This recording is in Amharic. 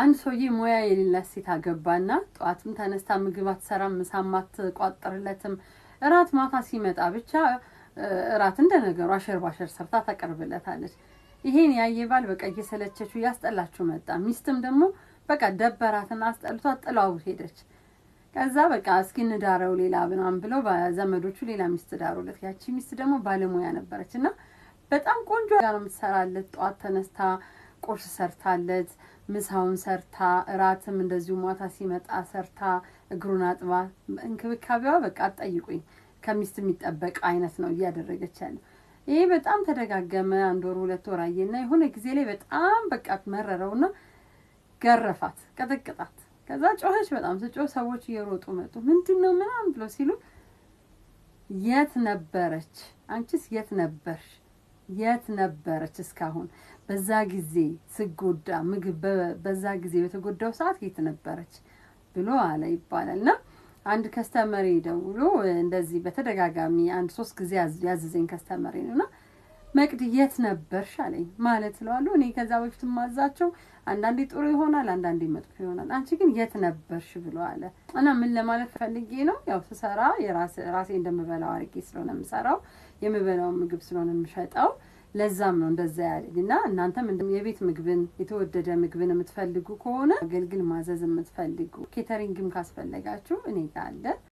አንድ ሰውዬ ሙያ የሌላት ሴት አገባና ጠዋትም ተነስታ ምግብ አትሰራም፣ ምሳም አትቋጥርለትም። እራት ማታ ሲመጣ ብቻ እራት እንደ ነገሩ አሸር ባሸር ሰርታ ታቀርብለታለች። ይሄን ያየ ባል በቃ እየሰለቸችው እያስጠላችው መጣ። ሚስትም ደግሞ በቃ ደበራትና አስጠልቷ ጥላው ሄደች። ከዛ በቃ እስኪ እንዳረው ሌላ ምናምን ብለው ዘመዶቹ ሌላ ሚስት ዳሩለት። ያቺ ሚስት ደግሞ ባለሙያ ነበረች እና በጣም ቆንጆ ነው የምትሰራለት ጠዋት ተነስታ ቁርስ ሰርታለት ምሳውን ሰርታ እራትም እንደዚሁ ማታ ሲመጣ ሰርታ እግሩን አጥባ እንክብካቤዋ በቃ አጠይቁኝ ከሚስት የሚጠበቅ አይነት ነው እያደረገች ያለው። ይሄ በጣም ተደጋገመ። አንድ ወር ሁለት ወር አየና የሆነ ጊዜ ላይ በጣም በቃ መረረውና ገረፋት፣ ቀጠቅጣት። ከዛ ጮኸች። በጣም ስጮህ ሰዎች እየሮጡ መጡ። ምንድን ነው ምናምን ብሎ ሲሉ የት ነበረች? አንቺስ የት ነበርሽ? የት ነበረች እስካሁን? በዛ ጊዜ ስጎዳ ምግብ በዛ ጊዜ በተጎዳው ሰዓት የት ነበረች ብሎ አለ ይባላል። እና አንድ ከስተመሬ ደውሎ እንደዚህ በተደጋጋሚ አንድ ሶስት ጊዜ ያዘዘኝ ከስተመሬ ነው እና መቅድ የት ነበርሽ አለኝ ማለት ስለዋለሁ እኔ ከዛ በፊት ማዛቸው አንዳንዴ ጥሩ ይሆናል፣ አንዳንዴ መጥፎ ይሆናል። አንቺ ግን የት ነበርሽ ብሎ አለ እና ምን ለማለት ፈልጌ ነው ያው ስሰራ ራሴ እንደምበላው አርጌ ስለሆነ የምሰራው የምበላው ምግብ ስለሆነ የምሸጠው ለዛም ነው እንደዛ ያለኝ እና እናንተም የቤት ምግብን የተወደደ ምግብን የምትፈልጉ ከሆነ አገልግል ማዘዝ የምትፈልጉ ኬተሪንግም ካስፈለጋችሁ እኔ ጋ አለ።